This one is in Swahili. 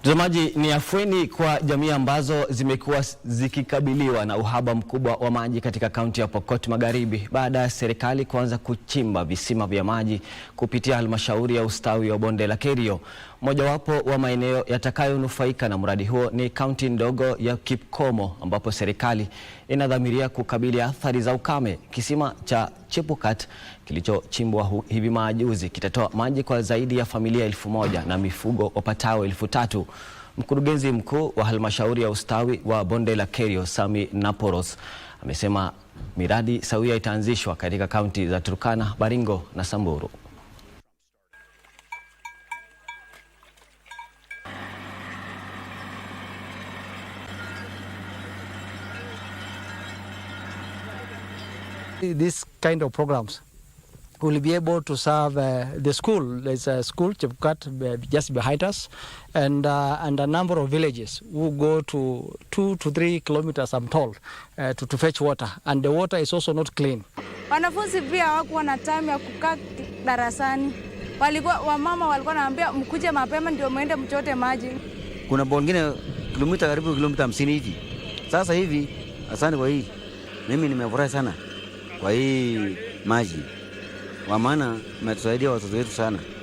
Mtazamaji, ni afueni kwa jamii ambazo zimekuwa zikikabiliwa na uhaba mkubwa wa maji katika kaunti ya Pokot Magharibi baada ya serikali kuanza kuchimba visima vya maji kupitia halmashauri ya ustawi wa bonde la Kerio. Mojawapo wa maeneo yatakayonufaika na mradi huo ni kaunti ndogo ya Kipkomo ambapo serikali inadhamiria kukabili athari za ukame. Kisima cha Chepukat kilichochimbwa hivi majuzi kitatoa maji kwa zaidi ya familia elfu moja na mifugo wapatao elfu tatu. Mkurugenzi mkuu wa halmashauri ya ustawi wa bonde la Kerio, Sami Naporos, amesema miradi sawia itaanzishwa katika kaunti za Turkana, Baringo na Samburu. This kind of programs will be able to serve uh, the school. There's a school Chepkat just behind us and, uh, and a number of villages who go to two to three kilometers, I'm told, uh, to, to fetch water and the water is also not clean. Wanafunzi pia hawakuwa na time ya kukaa darasani. Walikuwa wamama walikuwa naambia mkuje mapema ndio muende mchote maji. Kuna bongine kilomita karibu kilomita 50 hivi. Sasa hivi asante kwa hii. Mimi nimefurahi sana kwa hii maji, kwa maana umetusaidia watoto wetu sana.